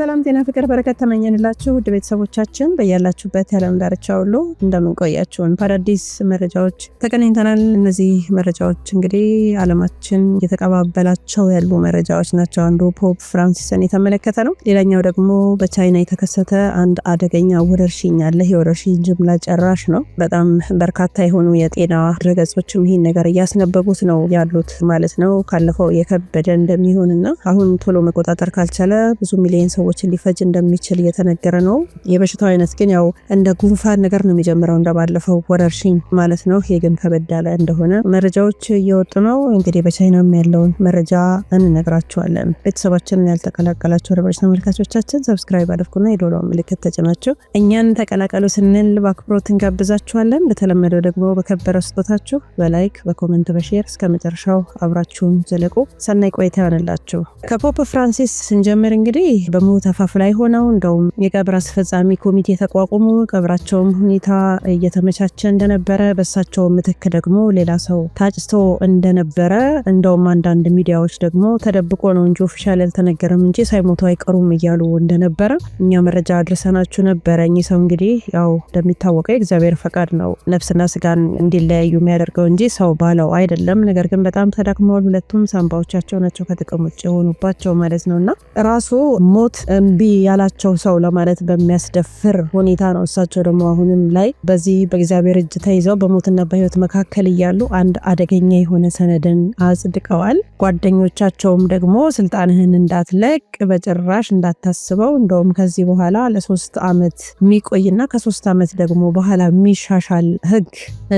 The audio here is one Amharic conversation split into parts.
ሰላም ጤና ፍቅር በረከት ተመኘንላችሁ ውድ ቤተሰቦቻችን በያላችሁበት ያለም ዳርቻ ሁሉ እንደምንቆያችሁን በአዳዲስ መረጃዎች ተገናኝተናል። እነዚህ መረጃዎች እንግዲህ አለማችን እየተቀባበላቸው ያሉ መረጃዎች ናቸው። አንዱ ፖፕ ፍራንሲስን የተመለከተ ነው። ሌላኛው ደግሞ በቻይና የተከሰተ አንድ አደገኛ ወረርሽኝ አለ። ይህ ጅምላ ጨራሽ ነው። በጣም በርካታ የሆኑ የጤና ድረገጾችም ይህን ነገር እያስነበቡት ነው ያሉት ማለት ነው። ካለፈው የከበደ እንደሚሆን አሁን ቶሎ መቆጣጠር ካልቻለ ብዙ ሚሊዮን ሰዎች ሰዎችን ሊፈጅ እንደሚችል እየተነገረ ነው። የበሽታው አይነት ግን ያው እንደ ጉንፋን ነገር ነው የሚጀምረው እንደባለፈው ወረርሽኝ ማለት ነው። ይሄ ግን ከበድ ያለ እንደሆነ መረጃዎች እየወጡ ነው። እንግዲህ በቻይናም ያለውን መረጃ እንነግራችኋለን። ቤተሰባችንን ያልተቀላቀላቸው አድማጭ ተመልካቾቻችን ሰብስክራይብ አድርጉና የዶላው ምልክት ተጭናችሁ እኛን ተቀላቀሉ ስንል በአክብሮት እንጋብዛችኋለን። በተለመደው ደግሞ በከበረ ስጦታችሁ በላይክ በኮመንት በሼር እስከ መጨረሻው አብራችሁን ዘለቁ። ሰናይ ቆይታ ይሆንላችሁ። ከፖፕ ፍራንሲስ ስንጀምር እንግዲህ በሞት ተፋፍ ላይ ሆነው እንደውም የቀብር አስፈጻሚ ኮሚቴ ተቋቁሞ ቀብራቸውም ሁኔታ እየተመቻቸ እንደነበረ በሳቸው ምትክ ደግሞ ሌላ ሰው ታጭቶ እንደነበረ እንደውም አንዳንድ ሚዲያዎች ደግሞ ተደብቆ ነው እንጂ ኦፊሻል ያልተነገረም እንጂ ሳይሞቱ አይቀሩም እያሉ እንደነበረ እኛ መረጃ አድርሰናችሁ ነበረ። እኚህ ሰው እንግዲህ ያው እንደሚታወቀው የእግዚአብሔር ፈቃድ ነው ነፍስና ስጋን እንዲለያዩ የሚያደርገው እንጂ ሰው ባለው አይደለም። ነገር ግን በጣም ተዳክመዋል። ሁለቱም ሳንባዎቻቸው ናቸው ከጥቅም ውጭ የሆኑባቸው ማለት ነው እና ራሱ ሞት እምቢ ያላቸው ሰው ለማለት በሚያስደፍር ሁኔታ ነው። እሳቸው ደግሞ አሁንም ላይ በዚህ በእግዚአብሔር እጅ ተይዘው በሞትና በህይወት መካከል እያሉ አንድ አደገኛ የሆነ ሰነድን አጽድቀዋል። ጓደኞቻቸውም ደግሞ ስልጣንህን እንዳትለቅ በጭራሽ እንዳታስበው፣ እንደውም ከዚህ በኋላ ለሶስት ዓመት የሚቆይና ከሶስት ዓመት ደግሞ በኋላ የሚሻሻል ህግ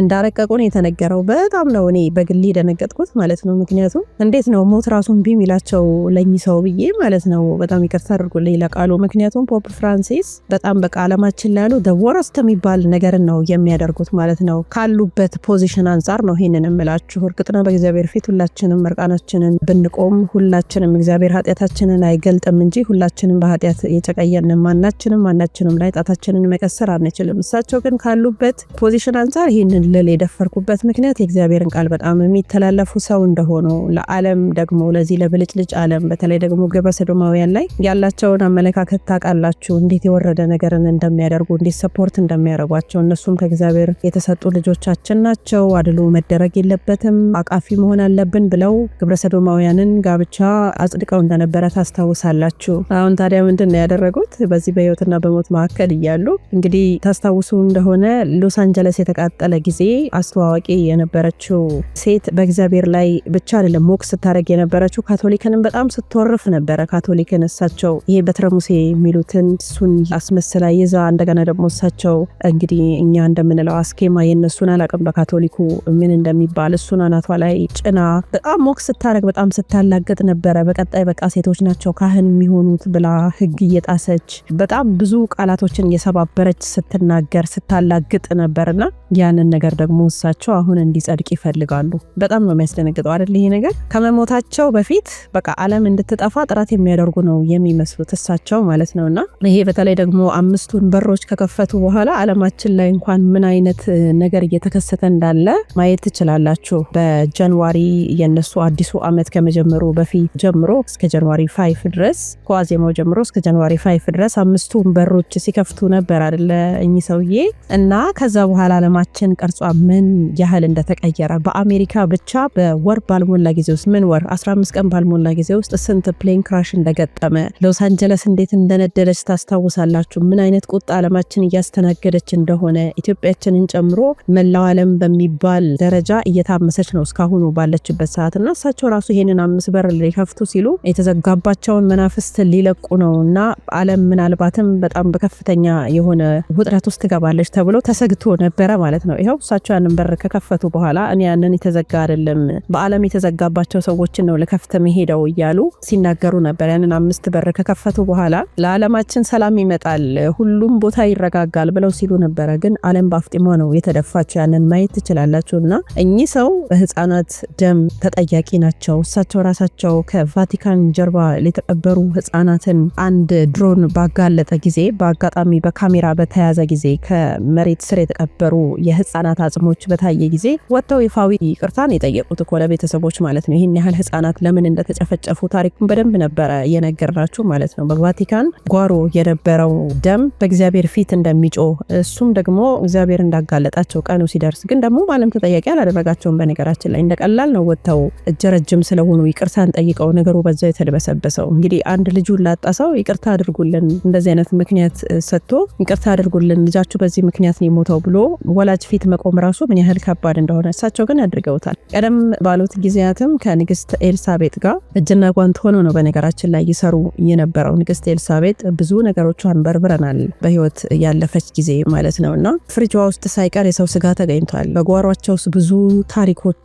እንዳረቀቁን የተነገረው በጣም ነው እኔ በግል የደነገጥኩት ማለት ነው። ምክንያቱም እንዴት ነው ሞት ራሱን ቢሚላቸው ለኝ ሰው ብዬ ማለት ነው። በጣም ይቅርታ አድርጉልኝ ለቃሉ። ምክንያቱም ፖፕ ፍራንሲስ በጣም በቃ አለማችን ላይ ያሉ ደወረስት የሚባል ነገርን ነው የሚያደርጉት ማለት ነው። ካሉበት ፖዚሽን አንጻር ነው ይህንን እምላችሁ። እርግጥ ነው በእግዚአብሔር ፊት ሁላችንም እርቃናችንን ብንቆም ሁላችንም እግዚአብሔር ኃጢአታችንን አይገልጥም እንጂ ሁላችንም በኃጢአት የተቀየን ማናችንም ማናችንም ላይ ጣታችንን መቀሰር አንችልም። እሳቸው ግን ካሉበት ፖዚሽን አንጻር ይህንን ልል የደፈርኩበት ምክንያት የእግዚአብሔርን ቃል በጣም የሚተላለፉ ሰው እንደሆኑ ለዓለም ደግሞ ለዚህ ለብልጭልጭ ዓለም በተለይ ደግሞ ግብረ ሰዶማውያን ላይ ያላቸው ያላቸውን አመለካከት ታውቃላችሁ፣ እንዴት የወረደ ነገርን እንደሚያደርጉ እንዴት ሰፖርት እንደሚያደርጓቸው። እነሱም ከእግዚአብሔር የተሰጡ ልጆቻችን ናቸው፣ አድሎ መደረግ የለበትም፣ አቃፊ መሆን አለብን ብለው ሰዶማውያንን ጋብቻ አጽድቀው እንደነበረ ታስታውሳላችሁ። አሁን ታዲያ ምንድን ነው ያደረጉት? በዚህ በህይወትና በሞት መካከል እያሉ እንግዲህ ታስታውሱ እንደሆነ ሎስ አንጀለስ የተቃጠለ ጊዜ አስተዋዋቂ የነበረችው ሴት በእግዚአብሔር ላይ ብቻ አይደለም ሞቅ ስታደረግ የነበረችው ካቶሊክንም በጣም ስትወርፍ ነበረ። ካቶሊክን እሳቸው ይሄ በትረ ሙሴ የሚሉትን እሱን አስመስላ ይዛ እንደገና ደግሞ እሳቸው እንግዲህ እኛ እንደምንለው አስኬማ የነሱን አላቅም በካቶሊኩ ምን እንደሚባል እሱን አናቷ ላይ ጭና በጣም ሞክ ስታደረግ በጣም ስታላገጥ ነበረ። በቀጣይ በቃ ሴቶች ናቸው ካህን የሚሆኑት ብላ ህግ እየጣሰች በጣም ብዙ ቃላቶችን እየሰባበረች ስትናገር ስታላግጥ ነበርና ያንን ነገር ደግሞ እሳቸው አሁን እንዲጸድቅ ይፈልጋሉ። በጣም ነው የሚያስደነግጠው አይደል? ይሄ ነገር ከመሞታቸው በፊት በቃ ዓለም እንድትጠፋ ጥረት የሚያደርጉ ነው የሚመስሉ የከፈቱት እሳቸው ማለት ነው። እና ይሄ በተለይ ደግሞ አምስቱን በሮች ከከፈቱ በኋላ አለማችን ላይ እንኳን ምን አይነት ነገር እየተከሰተ እንዳለ ማየት ትችላላችሁ። በጃንዋሪ የነሱ አዲሱ አመት ከመጀመሩ በፊት ጀምሮ እስከ ጃንዋሪ ፋይፍ ድረስ ከዋዜማው ጀምሮ እስከ ጃንዋሪ ፋይፍ ድረስ አምስቱን በሮች ሲከፍቱ ነበር አደለ እኚህ ሰውዬ። እና ከዛ በኋላ አለማችን ቅርጿ ምን ያህል እንደተቀየረ በአሜሪካ ብቻ በወር ባልሞላ ጊዜ ውስጥ ምን ወር 15 ቀን ባልሞላ ጊዜ ውስጥ ስንት ፕሌን ክራሽ እንደገጠመ ሎስ አንጀለስ እንዴት እንደነደለች ታስታውሳላችሁ። ምን አይነት ቁጣ ዓለማችን እያስተናገደች እንደሆነ ኢትዮጵያችንን ጨምሮ መላው ዓለም በሚባል ደረጃ እየታመሰች ነው እስካሁኑ ባለችበት ሰዓት እና እሳቸው ራሱ ይሄንን አምስት በር ሊከፍቱ ሲሉ የተዘጋባቸውን መናፍስት ሊለቁ ነው እና ዓለም ምናልባትም በጣም በከፍተኛ የሆነ ውጥረት ውስጥ ትገባለች ተብሎ ተሰግቶ ነበረ ማለት ነው። ይኸው እሳቸው ያንን በር ከከፈቱ በኋላ እኔ ያንን የተዘጋ አይደለም በዓለም የተዘጋባቸው ሰዎችን ነው ልከፍት መሄደው እያሉ ሲናገሩ ነበር። ያንን አምስት በር ከከፍ ከተከፈቱ በኋላ ለዓለማችን ሰላም ይመጣል፣ ሁሉም ቦታ ይረጋጋል ብለው ሲሉ ነበረ። ግን ዓለም በአፍጢሞ ነው የተደፋቸው። ያንን ማየት ትችላላችሁ። እና እኚህ ሰው በህፃናት ደም ተጠያቂ ናቸው። እሳቸው ራሳቸው ከቫቲካን ጀርባ የተቀበሩ ህፃናትን አንድ ድሮን ባጋለጠ ጊዜ በአጋጣሚ በካሜራ በተያዘ ጊዜ ከመሬት ስር የተቀበሩ የህፃናት አጽሞች በታየ ጊዜ ወጥተው ይፋዊ ይቅርታን የጠየቁት እኮ ለቤተሰቦች ማለት ነው። ይህን ያህል ህፃናት ለምን እንደተጨፈጨፉ ታሪኩን በደንብ ነበረ የነገርናችሁ ማለት ማለት ነው። በቫቲካን ጓሮ የነበረው ደም በእግዚአብሔር ፊት እንደሚጮ እሱም ደግሞ እግዚአብሔር እንዳጋለጣቸው ቀኑ ሲደርስ ግን ደግሞ ማንም ተጠያቂ አላደረጋቸውም። በነገራችን ላይ እንደቀላል ነው ወጥተው እጀ ረጅም ስለሆኑ ይቅርታን ጠይቀው ነገሩ በዛ የተደበሰበሰው። እንግዲህ አንድ ልጁን ላጣ ሰው ይቅርታ አድርጉልን፣ እንደዚህ አይነት ምክንያት ሰጥቶ ይቅርታ አድርጉልን፣ ልጃችሁ በዚህ ምክንያት ነው የሞተው ብሎ ወላጅ ፊት መቆም ራሱ ምን ያህል ከባድ እንደሆነ እሳቸው ግን ያድርገውታል። ቀደም ባሉት ጊዜያትም ከንግስት ኤልሳቤጥ ጋር እጅና ጓንት ሆነው ነው በነገራችን ላይ ይሰሩ የነበረ የነበረው ንግስት ኤልሳቤጥ ብዙ ነገሮቿን በርብረናል፣ በህይወት ያለፈች ጊዜ ማለት ነው እና ፍሪጅዋ ውስጥ ሳይቀር የሰው ስጋ ተገኝቷል። በጓሯቸው ውስጥ ብዙ ታሪኮች፣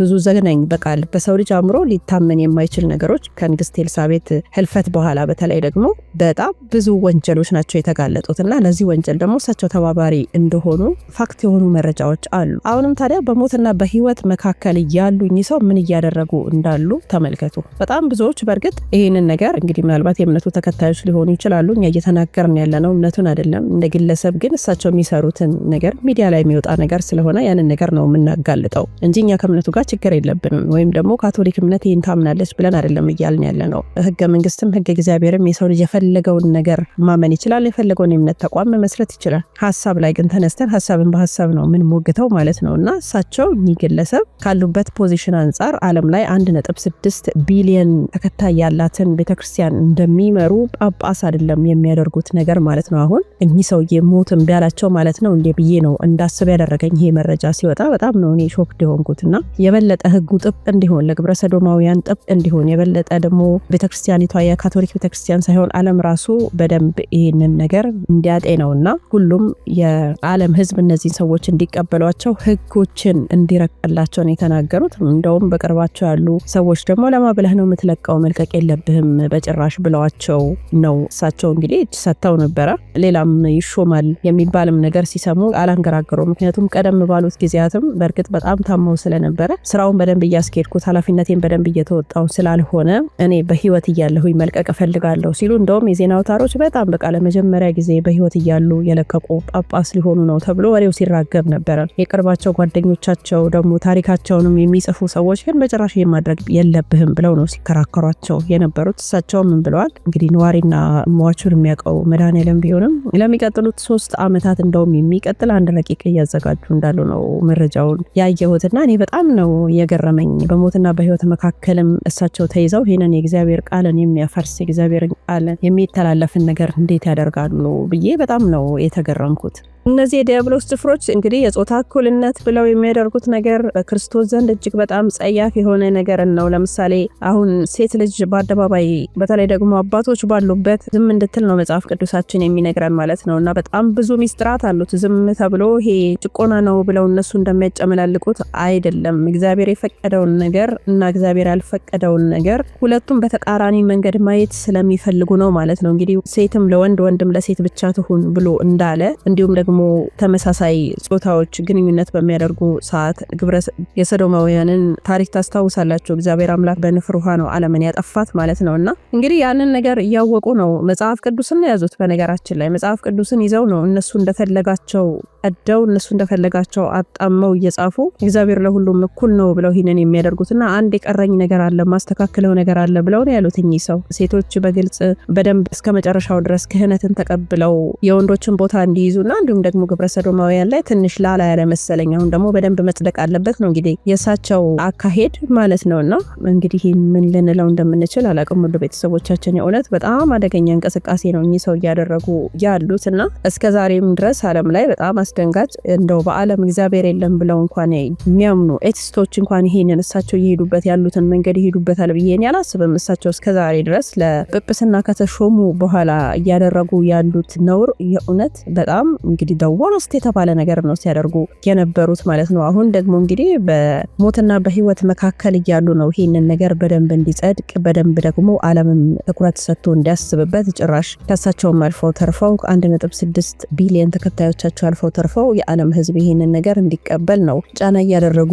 ብዙ ዘግናኝ በቃል በሰው ልጅ አእምሮ ሊታመን የማይችል ነገሮች ከንግስት ኤልሳቤጥ ህልፈት በኋላ በተለይ ደግሞ በጣም ብዙ ወንጀሎች ናቸው የተጋለጡት እና ለዚህ ወንጀል ደግሞ እሳቸው ተባባሪ እንደሆኑ ፋክት የሆኑ መረጃዎች አሉ። አሁንም ታዲያ በሞትና በህይወት መካከል እያሉ እኚህ ሰው ምን እያደረጉ እንዳሉ ተመልከቱ። በጣም ብዙዎች በእርግጥ ይህንን ነገር እንግዲህ ምናልባት የእምነቱ ተከታዮች ሊሆኑ ይችላሉ። እኛ እየተናገርን ያለነው እምነቱን አይደለም። እንደ ግለሰብ ግን እሳቸው የሚሰሩትን ነገር ሚዲያ ላይ የሚወጣ ነገር ስለሆነ ያንን ነገር ነው የምናጋልጠው እንጂ እኛ ከእምነቱ ጋር ችግር የለብንም ወይም ደግሞ ካቶሊክ እምነት ይህን ታምናለች ብለን አይደለም እያልን ያለ ነው። ህገ መንግስትም ህገ እግዚአብሔርም የሰው ልጅ የፈለገውን ነገር ማመን ይችላል። የፈለገውን የእምነት ተቋም መመስረት ይችላል። ሀሳብ ላይ ግን ተነስተን ሀሳብን በሀሳብ ነው ምን ሞግተው ማለት ነው እና እሳቸው እኚህ ግለሰብ ካሉበት ፖዚሽን አንጻር አለም ላይ አንድ ስድስት ቢሊየን ተከታይ ያላትን ቤተክርስቲያን እንደሚ የሚመሩ ጳጳስ አይደለም የሚያደርጉት ነገር ማለት ነው። አሁን እኚህ ሰውዬ ሞትም ቢያላቸው ማለት ነው እንዴ ብዬ ነው እንዳስብ ያደረገኝ ይሄ መረጃ ሲወጣ በጣም ነው እኔ ሾክ እንደሆንኩት እና የበለጠ ህጉ ጥብቅ እንዲሆን ለግብረ ሰዶማውያን ጥብቅ እንዲሆን የበለጠ ደግሞ ቤተክርስቲያኒቷ የካቶሊክ ቤተክርስቲያን ሳይሆን ዓለም ራሱ በደንብ ይህንን ነገር እንዲያጤ እና ሁሉም የዓለም ህዝብ እነዚህን ሰዎች እንዲቀበሏቸው ህጎችን እንዲረቅላቸውን ነው የተናገሩት። እንደውም በቅርባቸው ያሉ ሰዎች ደግሞ ለማ ብለህ ነው የምትለቀው መልቀቅ የለብህም በጭራሽ ብለዋል። ሰጥተዋቸው ነው። እሳቸው እንግዲህ እጅ ሰጥተው ነበረ። ሌላም ይሾማል የሚባልም ነገር ሲሰሙ አላንገራገሩ ምክንያቱም ቀደም ባሉት ጊዜያትም በእርግጥ በጣም ታመው ስለነበረ ስራውን በደንብ እያስኬድኩት ኃላፊነቴን በደንብ እየተወጣው ስላልሆነ እኔ በህይወት እያለሁኝ መልቀቅ እፈልጋለሁ ሲሉ እንደውም የዜና አውታሮች በጣም በቃ ለመጀመሪያ ጊዜ በህይወት እያሉ የለቀቁ ጳጳስ ሊሆኑ ነው ተብሎ ወሬው ሲራገብ ነበረ። የቅርባቸው ጓደኞቻቸው ደግሞ ታሪካቸውንም የሚጽፉ ሰዎች ግን በጭራሽ የማድረግ የለብህም ብለው ነው ሲከራከሯቸው የነበሩት። እሳቸው ምን ብለዋል? እንግዲህ ነዋሪና ሟቹን የሚያውቀው መድኃኔዓለም ቢሆንም ለሚቀጥሉት ሶስት አመታት እንደውም የሚቀጥል አንድ ረቂቅ እያዘጋጁ እንዳሉ ነው መረጃውን ያየሁትና እኔ በጣም ነው የገረመኝ። በሞትና በህይወት መካከልም እሳቸው ተይዘው ይህንን የእግዚአብሔር ቃልን የሚያፈርስ የእግዚአብሔር ቃልን የሚተላለፍን ነገር እንዴት ያደርጋሉ ብዬ በጣም ነው የተገረምኩት። እነዚህ የዲያብሎስ ጭፍሮች እንግዲህ የጾታ እኩልነት ብለው የሚያደርጉት ነገር በክርስቶስ ዘንድ እጅግ በጣም ጸያፍ የሆነ ነገርን ነው። ለምሳሌ አሁን ሴት ልጅ በአደባባይ በተለይ ደግሞ አባቶች ባሉበት ዝም እንድትል ነው መጽሐፍ ቅዱሳችን የሚነግረን ማለት ነው። እና በጣም ብዙ ሚስጥራት አሉት። ዝም ተብሎ ይሄ ጭቆና ነው ብለው እነሱ እንደሚያጨመላልቁት አይደለም። እግዚአብሔር የፈቀደውን ነገር እና እግዚአብሔር ያልፈቀደውን ነገር ሁለቱም በተቃራኒ መንገድ ማየት ስለሚፈልጉ ነው ማለት ነው። እንግዲህ ሴትም ለወንድ ወንድም ለሴት ብቻ ትሁን ብሎ እንዳለ እንዲሁም ደግሞ ደግሞ ተመሳሳይ ጾታዎች ግንኙነት በሚያደርጉ ሰዓት ግብረ የሰዶማውያንን ታሪክ ታስታውሳላችሁ። እግዚአብሔር አምላክ በንፍር ውሃ ነው ዓለምን ያጠፋት ማለት ነው። እና እንግዲህ ያንን ነገር እያወቁ ነው መጽሐፍ ቅዱስን ያዙት በነገራችን ላይ መጽሐፍ ቅዱስን ይዘው ነው እነሱ እንደፈለጋቸው ቀደው እነሱ እንደፈለጋቸው አጣመው እየጻፉ እግዚአብሔር ለሁሉም እኩል ነው ብለው ይህንን የሚያደርጉትና አንድ የቀረኝ ነገር አለ ማስተካክለው ነገር አለ ብለው ነው ያሉት እኚህ ሰው። ሴቶች በግልጽ በደንብ እስከ መጨረሻው ድረስ ክህነትን ተቀብለው የወንዶችን ቦታ እንዲይዙና እንዲሁም ደግሞ ግብረ ሰዶማውያን ላይ ትንሽ ላላ ያለ መሰለኝ። አሁን ደግሞ በደንብ መጽደቅ አለበት ነው እንግዲህ የእሳቸው አካሄድ ማለት ነው። እና እንግዲህ ምን ልንለው እንደምንችል አላቅም። ሁሉ ቤተሰቦቻችን የእውነት በጣም አደገኛ እንቅስቃሴ ነው እኚህ ሰው እያደረጉ ያሉት እና እስከ ዛሬም ድረስ አለም ላይ በጣም አስደንጋጭ እንደው በዓለም እግዚአብሔር የለም ብለው እንኳን የሚያምኑ ኤቲስቶች እንኳን ይሄንን እሳቸው እየሄዱበት ያሉትን መንገድ ይሄዱበታል ብዬ አላስብም። እሳቸው እስከዛሬ ድረስ ለጵጵስና ከተሾሙ በኋላ እያደረጉ ያሉት ነውር የእውነት በጣም እንግዲህ ደወል የተባለ ነገር ነው ሲያደርጉ የነበሩት ማለት ነው። አሁን ደግሞ እንግዲህ በሞትና በህይወት መካከል እያሉ ነው ይሄንን ነገር በደንብ እንዲጸድቅ በደንብ ደግሞ ዓለምም ትኩረት ሰጥቶ እንዲያስብበት ጭራሽ ከሳቸውም አልፈው ተርፈው 1.6 ቢሊዮን ተከታዮቻቸው አልፈው አትርፈው የዓለም ህዝብ ይህንን ነገር እንዲቀበል ነው ጫና እያደረጉ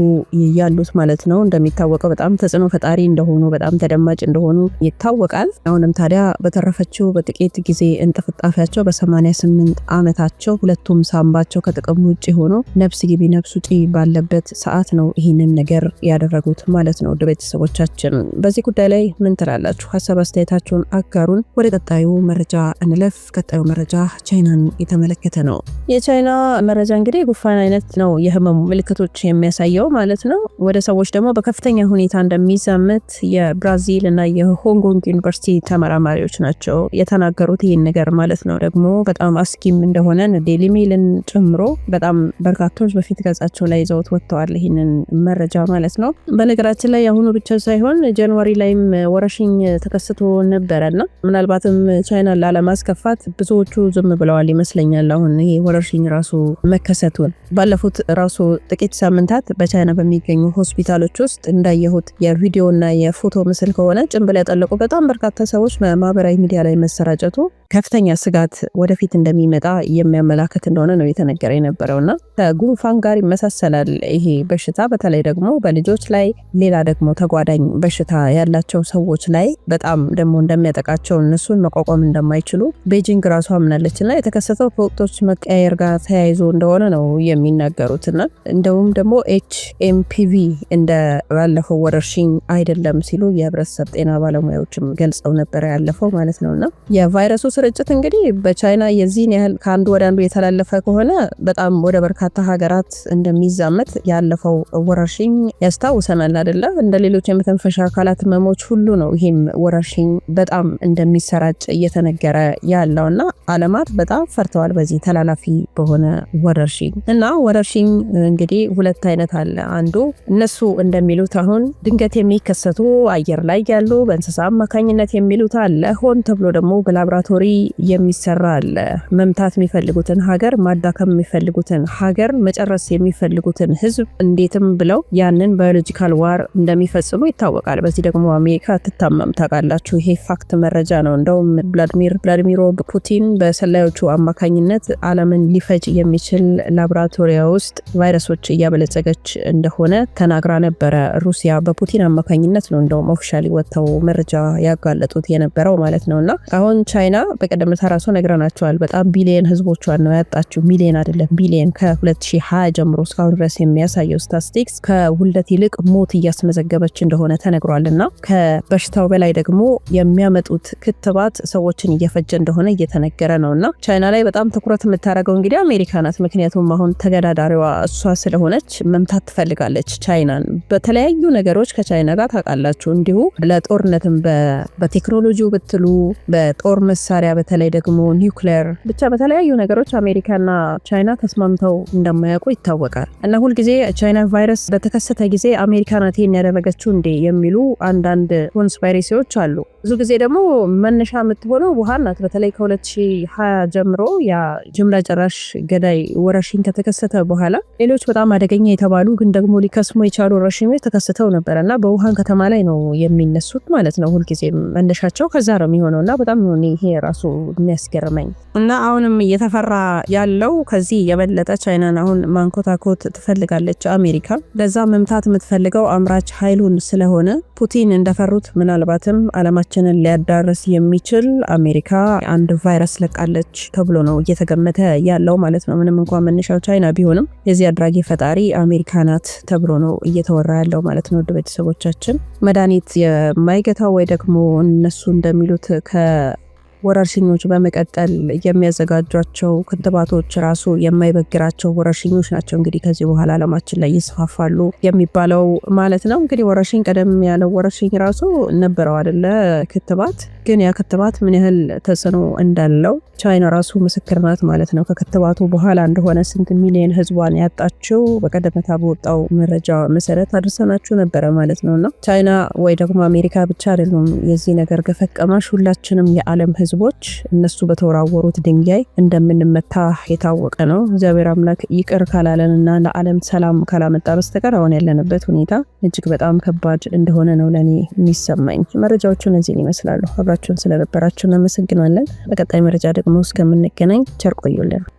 ያሉት ማለት ነው። እንደሚታወቀው በጣም ተጽዕኖ ፈጣሪ እንደሆኑ በጣም ተደማጭ እንደሆኑ ይታወቃል። አሁንም ታዲያ በተረፈችው በጥቂት ጊዜ እንጥፍጣፊያቸው በ88 ዓመታቸው ሁለቱም ሳምባቸው ከጥቅም ውጭ ሆኖ ነፍስ ግቢ ነፍስ ውጪ ባለበት ሰዓት ነው ይህንን ነገር ያደረጉት ማለት ነው። ቤተሰቦቻችን በዚህ ጉዳይ ላይ ምን ትላላችሁ? ሀሳብ አስተያየታችሁን አጋሩን። ወደ ቀጣዩ መረጃ እንለፍ። ቀጣዩ መረጃ ቻይናን የተመለከተ ነው። የቻይና መረጃ እንግዲህ ጉፋን አይነት ነው የህመሙ ምልክቶች የሚያሳየው ማለት ነው። ወደ ሰዎች ደግሞ በከፍተኛ ሁኔታ እንደሚዛመት የብራዚል እና የሆንጎንግ ዩኒቨርሲቲ ተመራማሪዎች ናቸው የተናገሩት ይህን ነገር ማለት ነው። ደግሞ በጣም አስጊም እንደሆነ ዴሊ ሜልን ጨምሮ በጣም በርካቶች በፊት ገጻቸው ላይ ይዘውት ወጥተዋል ይህንን መረጃ ማለት ነው። በነገራችን ላይ አሁኑ ብቻ ሳይሆን ጃንዋሪ ላይም ወረሽኝ ተከስቶ ነበረና ምናልባትም ቻይና ላለማስከፋት ብዙዎቹ ዝም ብለዋል ይመስለኛል። አሁን ይሄ ወረርሽኝ ራሱ መከሰቱን ባለፉት ራሱ ጥቂት ሳምንታት በቻይና በሚገኙ ሆስፒታሎች ውስጥ እንዳየሁት የቪዲዮና የፎቶ ምስል ከሆነ ጭንብል ያጠለቁ በጣም በርካታ ሰዎች በማህበራዊ ሚዲያ ላይ መሰራጨቱ ከፍተኛ ስጋት ወደፊት እንደሚመጣ የሚያመላክት እንደሆነ ነው የተነገረ የነበረው እና ከጉንፋን ጋር ይመሳሰላል ይሄ በሽታ በተለይ ደግሞ በልጆች ላይ ሌላ ደግሞ ተጓዳኝ በሽታ ያላቸው ሰዎች ላይ በጣም ደግሞ እንደሚያጠቃቸው እነሱን መቋቋም እንደማይችሉ ቤጂንግ ራሷ አምናለች እና የተከሰተው ከወቅቶች መቀያየር ጋር ተያይዞ እንደሆነ ነው የሚናገሩት እና እንደውም ደግሞ ኤች ኤምፒቪ እንደ ባለፈው ወረርሽኝ አይደለም ሲሉ የህብረተሰብ ጤና ባለሙያዎችም ገልጸው ነበረ ያለፈው ማለት ነው እና የቫይረሱ ስርጭት እንግዲህ በቻይና የዚህን ያህል ከአንዱ ወደ አንዱ የተላለፈ ከሆነ በጣም ወደ በርካታ ሀገራት እንደሚዛመት ያለፈው ወረርሽኝ ያስታውሰናል አደለ? እንደ ሌሎች የመተንፈሻ አካላት ህመሞች ሁሉ ነው ይህም ወረርሽኝ በጣም እንደሚሰራጭ እየተነገረ ያለው እና አለማት በጣም ፈርተዋል በዚህ ተላላፊ በሆነ ወረርሽኝ እና ወረርሽኝ እንግዲህ ሁለት አይነት አለ። አንዱ እነሱ እንደሚሉት አሁን ድንገት የሚከሰቱ አየር ላይ ያሉ በእንስሳ አማካኝነት የሚሉት አለ። ሆን ተብሎ ደግሞ በላብራቶሪ የሚሰራ አለ። መምታት የሚፈልጉትን ሀገር፣ ማዳከም የሚፈልጉትን ሀገር፣ መጨረስ የሚፈልጉትን ህዝብ እንዴትም ብለው ያንን ባዮሎጂካል ዋር እንደሚፈጽሙ ይታወቃል። በዚህ ደግሞ አሜሪካ ትታመም ታውቃላችሁ። ይሄ ፋክት መረጃ ነው። እንደውም ቭላድሚር ቭላድሚሮ ፑቲን በሰላዮቹ አማካኝነት አለምን ሊፈጅ የሚችል ላቦራቶሪያ ውስጥ ቫይረሶች እያበለጸገች እንደሆነ ተናግራ ነበረ። ሩሲያ በፑቲን አማካኝነት ነው እንደውም ኦፊሻሊ ወጥተው መረጃ ያጋለጡት የነበረው ማለት ነው። እና አሁን ቻይና በቀደም ዕለት ራሱ ነግረናቸዋል። በጣም ቢሊየን ህዝቦቿን ነው ያጣችው። ሚሊየን አይደለም ቢሊየን። ከ2020 ጀምሮ እስካሁን ድረስ የሚያሳየው ስታትስቲክስ ከውልደት ይልቅ ሞት እያስመዘገበች እንደሆነ ተነግሯል። እና ከበሽታው በላይ ደግሞ የሚያመጡት ክትባት ሰዎችን እየፈጀ እንደሆነ እየተነገረ ነው። እና ቻይና ላይ በጣም ትኩረት የምታደርገው እንግዲህ አሜሪካ ናት። ምክንያቱም አሁን ተገዳዳሪዋ እሷ ስለሆነች መምታት ትፈልጋለች ቻይናን በተለያዩ ነገሮች ከቻይና ጋር ታውቃላችሁ። እንዲሁ ለጦርነትም በቴክኖሎጂው ብትሉ በጦር መሳሪያ በተለይ ደግሞ ኒውክሌር ብቻ በተለያዩ ነገሮች አሜሪካና ቻይና ተስማምተው እንደማያውቁ ይታወቃል። እና ሁልጊዜ ቻይና ቫይረስ በተከሰተ ጊዜ አሜሪካ ናት ያደረገችው እንዴ የሚሉ አንዳንድ ኮንስፓይሬሲዎች አሉ። ብዙ ጊዜ ደግሞ መነሻ የምትሆነው ውሃን ናት። በተለይ ከ2020 ጀምሮ ያ ጅምላ ጨራሽ ገዳይ ወረርሽኝ ከተከሰተ በኋላ ሌሎች በጣም አደገኛ የተባሉ ግን ደግሞ ሊከስሙ የቻሉ ወረርሽኞች ተከስተው ነበረ እና በውሃን ከተማ ላይ ነው የሚነሱት ማለት ነው። ሁልጊዜ መነሻቸው ከዛ ነው የሚሆነው እና በጣም ይሄ ራሱ የሚያስገርመኝ እና አሁንም እየተፈራ ያለው ከዚህ የበለጠ ቻይናን አሁን ማንኮታኮት ትፈልጋለች አሜሪካ። ለዛ መምታት የምትፈልገው አምራች ኃይሉን ስለሆነ ፑቲን እንደፈሩት ምናልባትም አለማችንን ሊያዳርስ የሚችል አሜሪካ አንድ ቫይረስ ለቃለች ተብሎ ነው እየተገመተ ያለው ማለት ነው። ምንም እንኳን መነሻው ቻይና ቢሆንም የዚህ አድራጊ ፈጣሪ አሜሪካ ናት ተብሎ ነው እየተወራ ያለው ማለት ነው። ውድ ቤተሰቦቻችን መድኃኒት የማይገታው ወይ ደግሞ እነሱ እንደሚሉት ከ ወረርሽኞች በመቀጠል የሚያዘጋጇቸው ክትባቶች ራሱ የማይበግራቸው ወረርሽኞች ናቸው እንግዲህ ከዚህ በኋላ አለማችን ላይ ይስፋፋሉ የሚባለው ማለት ነው። እንግዲህ ወረርሽኝ ቀደም ያለው ወረርሽኝ ራሱ ነበረው አደለ ክትባት። ግን ያ ክትባት ምን ያህል ተጽዕኖ እንዳለው ቻይና ራሱ ምስክር ናት ማለት ነው። ከክትባቱ በኋላ እንደሆነ ስንት ሚሊዮን ህዝቧን ያጣችው በቀደመታ በወጣው መረጃ መሰረት አድርሰናችሁ ነበረ ማለት ነው እና ቻይና ወይ ደግሞ አሜሪካ ብቻ አይደሉም የዚህ ነገር ገፈቀማሽ ሁላችንም የዓለም ህዝብ ህዝቦች እነሱ በተወራወሩት ድንጋይ እንደምንመታ የታወቀ ነው። እግዚአብሔር አምላክ ይቅር ካላለንና ለዓለም ሰላም ካላመጣ በስተቀር አሁን ያለንበት ሁኔታ እጅግ በጣም ከባድ እንደሆነ ነው ለእኔ የሚሰማኝ። መረጃዎቹ እነዚህን ይመስላሉ። አብራችሁን ስለነበራችሁ እናመሰግናለን። በቀጣይ መረጃ ደግሞ እስከምንገናኝ ቸር ቆዩልን።